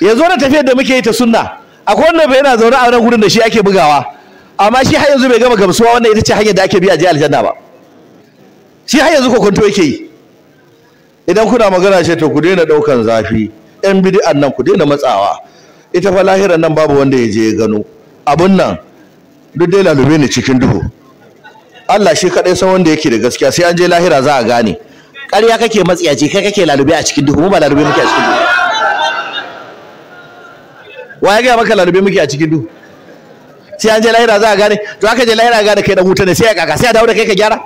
yanzu wannan tafiyar da muke yi ta sunna akwai wanda bai yana zaune a nan gurin da shi ake bugawa amma shi har yanzu bai gama gamsuwa wannan ita ce hanyar da ake bi a je aljanna ba shi har yanzu kokonto yake yi idan kuna magana ce to ku daina daukan zafi yan bid'an nan ku daina matsawa ita fa lahiran nan babu wanda ya je ya gano abun nan duk dai lalube ne cikin duhu Allah shi kadai san wanda yake da gaskiya sai an je lahira za a gane ƙarya kake matsiyaci kai kake lalube a cikin duhu mu ba lalube muke a cikin duhu wa ya gaya maka lalube muke a cikin duhu sai an je laira za a gane to aka je lahira gane kai da wuta ne sai ya kaka sai a dawo da kai ka gyara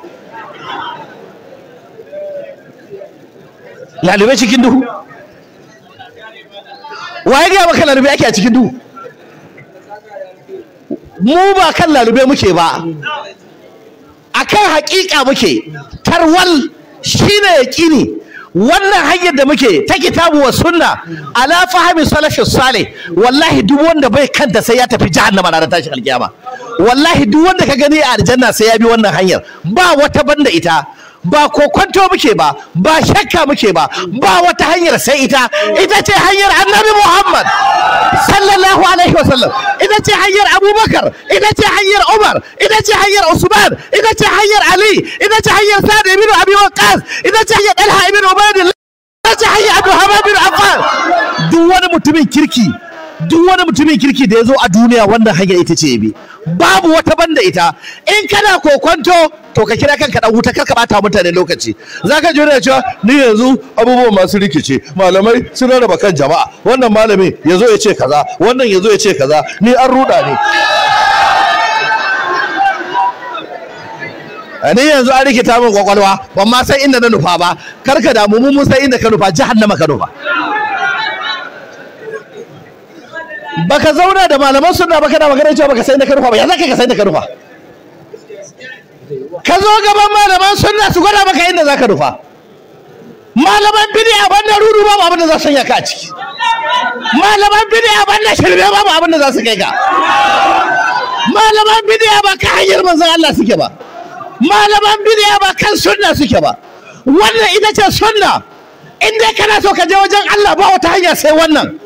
lalube cikin duhu wa ya gaya maka lalube ake a cikin duhu mu ba kan lalube muke ba akan hakika muke tarwal shine yaqini wannan hanyar da muke ta kitabu wa sunna ala fahmi salashin sale wallahi duk wanda bai kanta sai ya tafi jihar jahannama ranar tashi alkiyama wallahi duk wanda ka gani a aljanna sai ya bi wannan hanyar ba wata banda ita ba kokonto muke ba ba shakka muke ba ba wata hanyar sai ita ita ce hanyar annabi muhammad sallallahu alaihi wasallam ita ce hanyar abubakar ita ce hanyar umar ita ce hanyar usman ita ce hanyar ali ita ce hanyar sa'ad ibn abi waqas ita ce hanyar talha ibn ubaydillah ita ce hanyar abdulhamid bin affan duk wani mutumin kirki duk wani mutumin kirki da ya zo a duniya wannan hanyar ita ce bi babu wata banda ita in kana kokonto to ka kira kanka dan wuta kar ka bata mutane lokaci zaka ji da cewa ni yanzu abubuwan masu rikici malamai sun raba kan jama'a wannan malami yazo ya ce kaza wannan yazo ya ce kaza ni an ruda ne ni yanzu an rikita min kwakwalwa ban ma san inda na nufa ba Kar ka damu mun san inda ka nufa jahannama ka nufa baka zauna da malaman sunna ba kana magana cewa baka sai da karfa ba ya zaka ka sai da karfa ka zo gaban malaman sunna su gwada maka inda zaka rufa malaman a banda ruru babu abin da za su sanya ka a ciki malaman a banda shirme babu abin da za su kai ka malaman a ba ka hanyar manzon Allah suke ba malaman a ba kan sunna suke ba wannan ita ce sunna in dai kana so ka je wajen Allah ba wata hanya sai wannan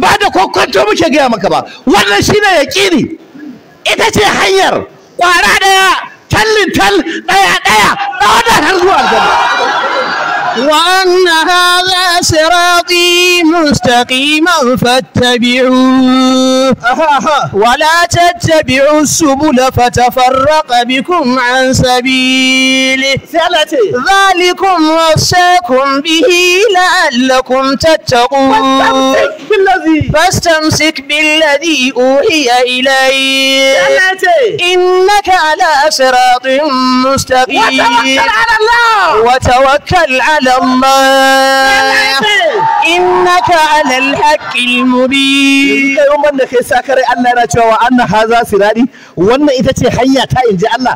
bada kokonto muke ga maka ba wannan shine yaqini ita ce hanyar kwara daya tallin tal daya daya ɗawadar har zuwa aljanna وأن هذا صراطي مستقيما فاتبعوه ولا تتبعوا السبل فتفرق بكم عن سبيله ذلكم وصاكم به لعلكم تتقون بالذي فاستمسك بالذي أوحي إليك إنك على صراط مستقيم وتوكل على الله وتوكل على الله إنك على الحق المبين يوم أنك ساكر أن نجوى أن هذا صراطي وأن إذا تحيى إن جاء الله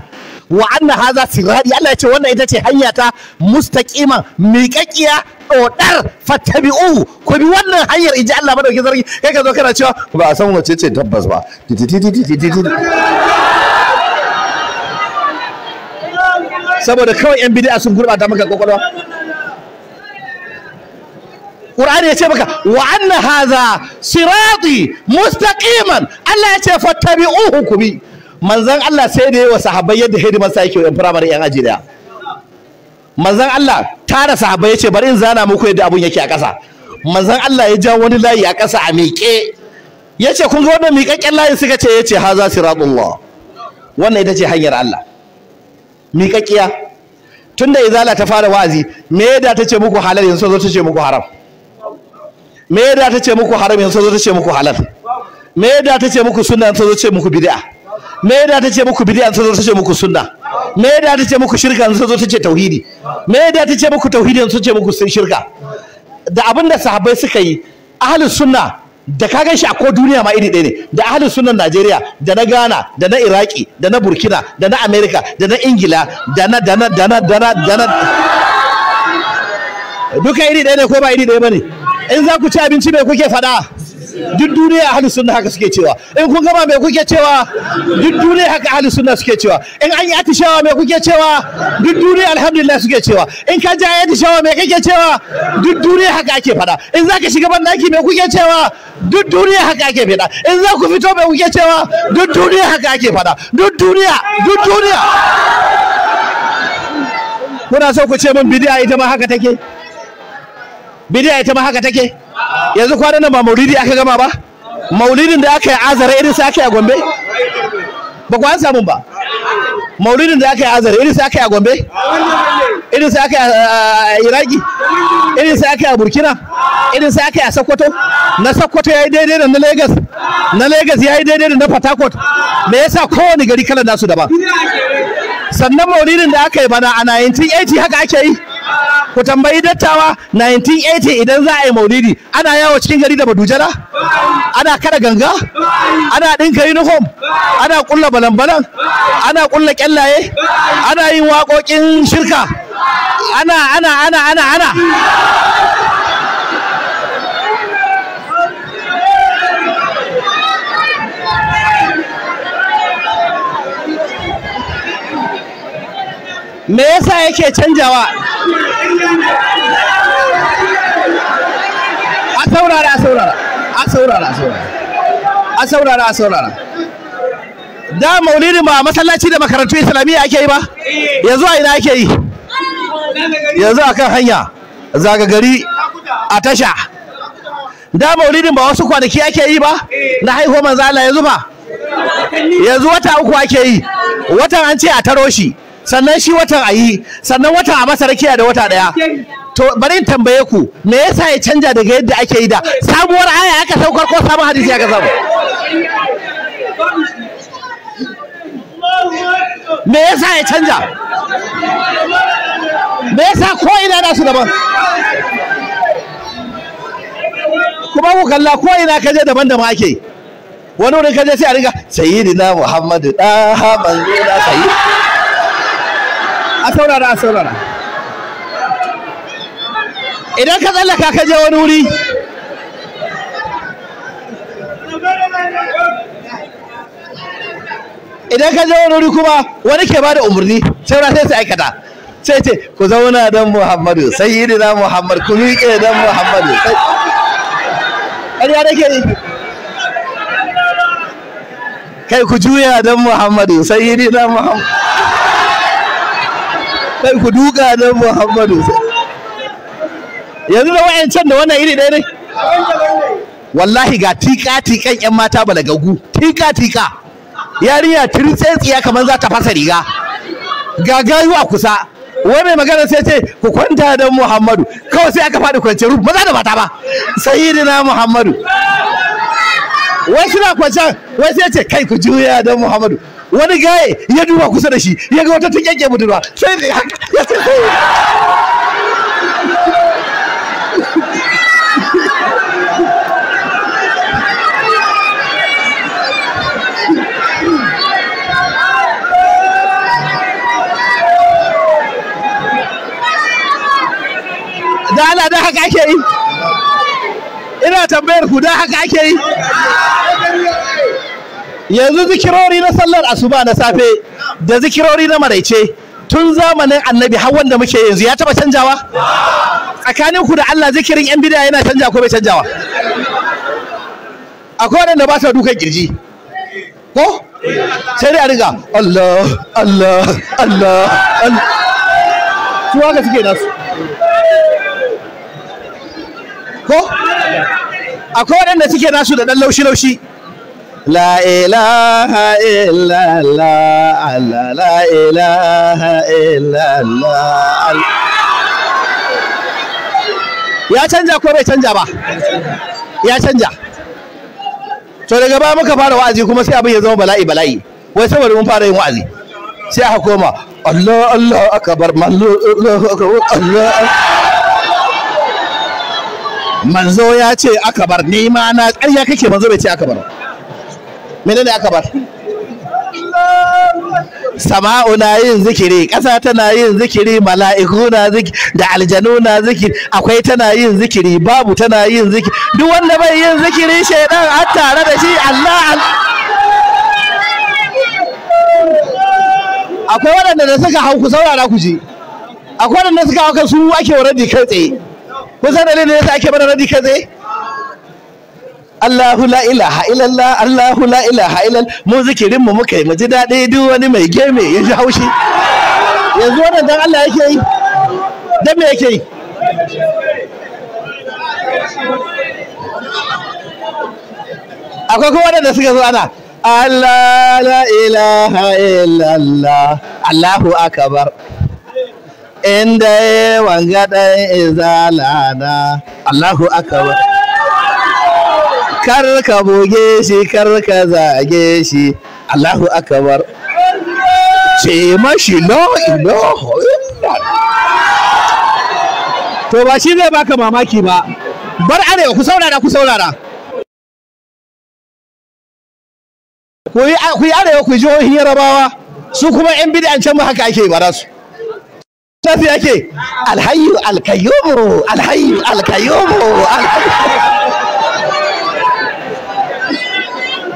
wa anna haza siradi Allah ya ce wannan ita ce hanya ta mustaqima miƙaƙiya dodar fatabi'u ku bi wannan hanyar inji Allah madauki sarki kai ka zo kana cewa ba a san wace ce tabbas ba saboda kawai yan bid'a sun gurbata maka kokolwa Qur'ani ya ce maka wa anna hadha sirati mustaqiman Allah ya ce fattabi'uhu ku bi manzan Allah sai da yawa sahabbai yadda hidimar sa yake yan firamare yan aji daya manzan Allah tara sahabbai yace bari in zana muku yadda abun yake a ƙasa manzan Allah ya ja wani layi a ƙasa a miƙe yace kun ga wannan miƙaƙƙen layi suka ce yace haza siratullah wannan ita ce hanyar Allah miƙaƙƙiya tunda izala ta fara wa'azi me da ta ce muku halal yanzu zo ta ce muku haram me da ta ce muku haram yanzu zo ta ce muku halal me da ta ce muku sunna yanzu zo ta ce muku bid'a me yadda ta ce muku bid'a ta zo ta ce muku sunna me yadda ta ce muku shirka ta zo ta ce tauhidi me yadda ta ce muku tauhidi ta ce muku shirka da abin da sahabbai suka yi ahlus sunna da ka gan shi a ko duniya ma iri ɗaya ne da ahlus sunna Najeriya da na Ghana da na Iraki da na Burkina da na Amerika da na Ingila da na da na da na da na da na duka iri ɗaya ne ko ba iri ɗaya ba ne in za ku ci abinci me kuke faɗa duk duniya ahli sunna haka suke cewa in kun gama me kuke cewa duk duniya haka ahli sunna suke cewa in an yi atishawa me kuke cewa duk duniya alhamdulillah suke cewa in ka ji atishawa me kake cewa duk duniya haka ake faɗa in zaka shiga ban daki me kuke cewa duk duniya haka ake faɗa in za ku fito me kuke cewa duk duniya haka ake faɗa duk duniya duk duniya kuna so ku ce min bidiya ita ma haka take bidiya ita ma haka take yanzu kwanan nan ba maulidi aka gama ba maulidin da aka yi azara irin sai aka yi a gombe ba ku an samu ba maulidin da aka yi azara irin sai aka yi a gombe irin sai aka yi a iraki irin sai aka yi a burkina irin sai aka yi a sokoto na sokoto ya yi daidai da na lagos na lagos ya yi daidai da na port harcourt me yasa kowane gari kalan nasu daban sannan maulidin da aka yi bana a 1980 haka ake yi ku tambayi dattawa 1980 idan za a yi maulidi ana yawo cikin gari da badujala ana kada ganga ana ɗinka uniform ana ƙulla balambalan ana ƙulla ƙyallaye ana yin waƙoƙin shirka ana ana ana ana ana me yasa yake canjawa a saurara a saurara a saurara a saurara a saurara a saurara da maulidi ba masallaci da makarantu islamiyya ake yi ba yanzu a ina ake yi yanzu a kan hanya zaga gari a tasha da maulidin ba wasu kwanaki ake yi ba na haihuwar manzo Allah yanzu ba yanzu wata uku ake yi watan an ce a taro shi sannan shi watan a yi sannan watan a masa rakiya da wata daya to bari in tambaye ku me yasa ya canja daga yadda ake yi da sabuwar aya aka saukar ko sabon hadisi aka samu me yasa ya canja me yasa ko ina su daban kuma ku kalla ko ina kaje daban-daban ake wani wurin kaje sai a riga sayyidina muhammadu ɗan manzo da sayyidina a saurara a saurara idan ka tsallaka ka je wani wuri idan ka je wani wuri kuma wani ke bada umarni saura sai su aikata sai ce ku zauna dan muhammadu sai yi da muhammadu ku miƙe dan muhammadu sai ƙarya nake yi kai ku juya dan muhammadu sai yi da muhammadu kai ku duka na Muhammadu yanzu da wayancan da wannan iri ɗaya ne wallahi ga tika tikan yan mata balagagu tika tika yarinya tirtsetsiya kamar za ta fasa riga ga gayu a kusa wai mai magana sai ce ku kwanta da Muhammadu kawai sai aka faɗi kwance rubu maza da mata ba sayyidina Muhammadu wai suna kwancen wai sai ce kai ku juya da Muhammadu wani gaye ya duba kusa da shi ya ga wata ta kyanke budurwa sai da ya sai da Allah da haka ake yi ina tambayar ku da haka ake yi yanzu zikirori na sallar asuba na safe da zikirori na maraice tun zamanin annabi har wanda muke yanzu ya taba canjawa tsakanin ku da Allah zikirin yan bid'a yana canja ko bai canjawa akwai wanda ba ta dukan girji ko sai dai a riga Allah Allah Allah Allah su suke nasu ko akwai waɗanda suke nasu da ɗan laushi-laushi لا إله إلا الله لا إله إلا الله ya canja ko bai canja ba ya canja to daga baya muka fara wa'azi kuma sai abin ya zama bala'i bala'i wai saboda mun fara yin wa'azi sai aka koma Allah Allah akbar mallo Allah ya ce akabar ni ma na ƙarya kake manzo bai ce akabar menene aka ba sama'u na yin zikiri ƙasa tana yin zikiri mala'iku na zikiri da aljanu na zikiri akwai tana yin zikiri babu tana yin zikiri duk wanda bai yin zikiri shaidan an tare da shi Allah akwai waɗanda da suka hau ku saurara ku ji akwai waɗanda suka hau su ake wa radi kai tsaye kun san dalilin da yasa ake mana radi kai tsaye Allahu la ilaha illallah Allahu la ilaha illal mu zikirin mu muka yi mu ji daɗi duk wani mai geme ya ji haushi yanzu wannan dan Allah yake yi dan me yake yi akwai kuma waɗanda suka zo ana Allah la ilaha illallah Allahu akbar inda wanga dan izalana Allahu akbar kar ka buge shi kar ka zage shi Allahu akbar ce mashi la ilaha to ba shi zai baka mamaki ba bar arewa ku saurara ku saurara ku yi arewa ku ji jihohin yarabawa su kuma yan bid'an can ba haka ake bara su tafi ake alhayyu alkayyumu alhayyu alkayyumu alhayyu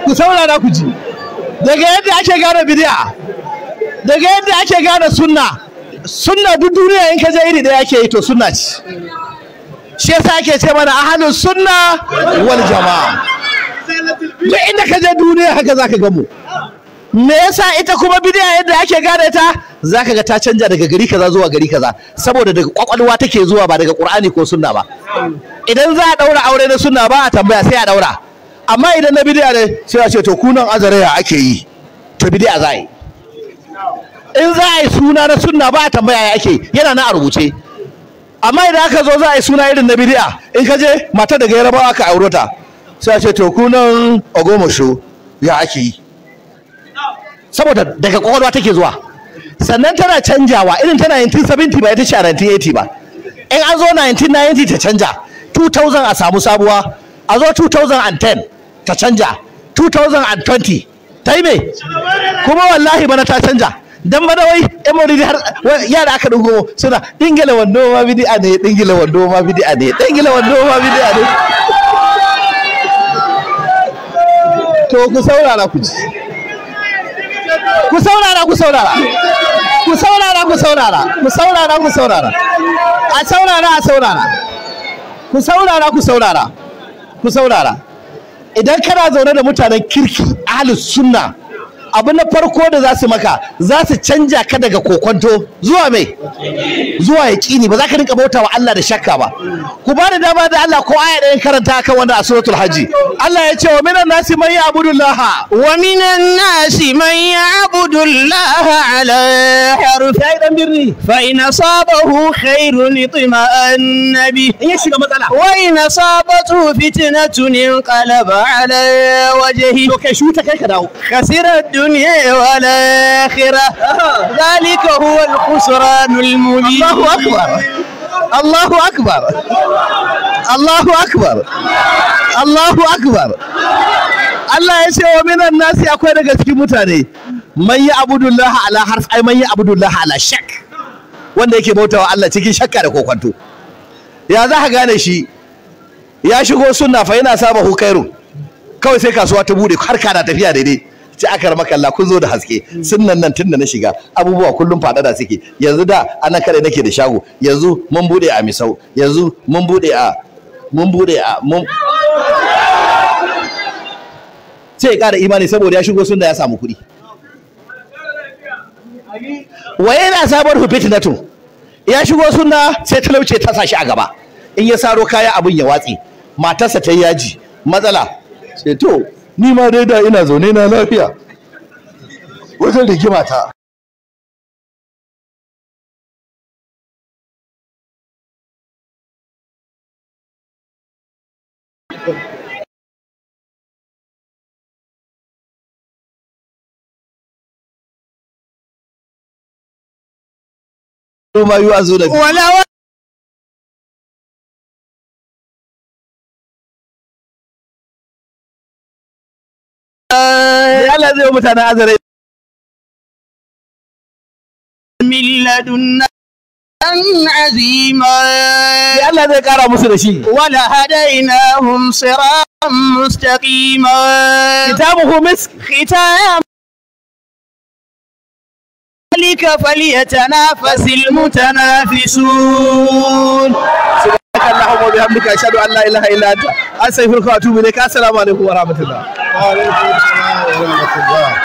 ku saurara ku ji daga yadda ake gane bidiya, daga yadda ake gane sunna sunna duk duniya in ka je iri ɗaya ake yi to sunna ce shi yasa ake ce mana ahlus sunna wal jama'a duk inda ka je duniya haka zaka ga mu me yasa ita kuma bidiya yadda ake gane ta zaka ga ta canja daga gari kaza zuwa gari kaza saboda daga kwakwalwa take zuwa ba daga qur'ani ko sunna ba idan za a daura aure na sunna ba a tambaya sai a daura amma idan na bidiya ne sai a ce to kunan azariya ake yi to bidiya za a yi in za a yi suna na sunna ba a tambaya ya ake yana na a rubuce amma idan aka zo za a yi suna irin na bidiya in ka je mata daga yarabawa aka aure ta sai a ce to kunan ogomosho ya ake yi saboda daga kwakwalwa take zuwa sannan tana canjawa irin ta 1970 ba ita ce a 1980 ba in an zo 1990 ta canja 2000 a samu sabuwa a zo 2010 ta canja 2020 ta yi me kuma wallahi bana ta canja dan bada wai yan maulidi har yara aka dugo suna dingila wando ma bid'a ne dingila wando ma bid'a ne dingila wando ma bid'a ne to ku saurara ku ji ku saurara ku saurara ku saurara ku saurara ku saurara ku saurara a saurara a saurara ku saurara ku saurara ku saurara idan kana zaune da mutanen kirki ahlus sunna abu na farko da za su maka za su canja ka daga kokonto zuwa mai zuwa yaƙini ba za ka rinka bauta wa Allah da shakka ba ku ba da dama da Allah ko aya ɗayan karanta kan wanda a suratul hajji Allah ya ce wa minan nasi man ya'budu Allah wa minan nasi man ya'budu Allah ala harfi ai dan birni fa in asabahu khairun itma'anna bi in ya shiga matsala wa in asabatu fitnatun qalaba ala wajhi to kai shuta kai ka dawo khasirat الدنيا والآخرة ذلك هو الخسران المبين الله أكبر الله أكبر الله أكبر الله أكبر Allah ya ce wa minan nasi akwai daga cikin mutane man yi ala harf ai man yi ala shak wanda yake bautawa Allah cikin shakka da kokwanto ya za ka gane shi ya shigo sunna fa yana saba hukairu kawai sai kasuwa ta bude harka na tafiya daidai ci akar makalla kun zo da haske Sunan nan tunda na shiga abubuwa kullum da suke yanzu da anan kare nake da shago yanzu mun bude a misau yanzu mun bude a mun bude a mun sai ya ƙara imani saboda ya shigo sunna ya samu kuɗi wa sabon sabar fitnatun ya shigo sunna sai talauce ta sashi a gaba in ya saro kaya abin ya watse matarsa ta yaji matsala sai to ni ma dai da ina zaune na lafiya wajen rigima ta ma yi da Allah zai yi mutanen azare min ladunna an azima ya Allah zai kara musu da shi wala hadainahum siratan mustaqima kitabuhu misk khitam ذلك فليتنافس المتنافسون subhanaka allahumma wa bihamdika ashhadu an la ilaha illa anta astaghfiruka wa atubu assalamu alaikum wa rahmatullah wa alaikum assalam wa rahmatullah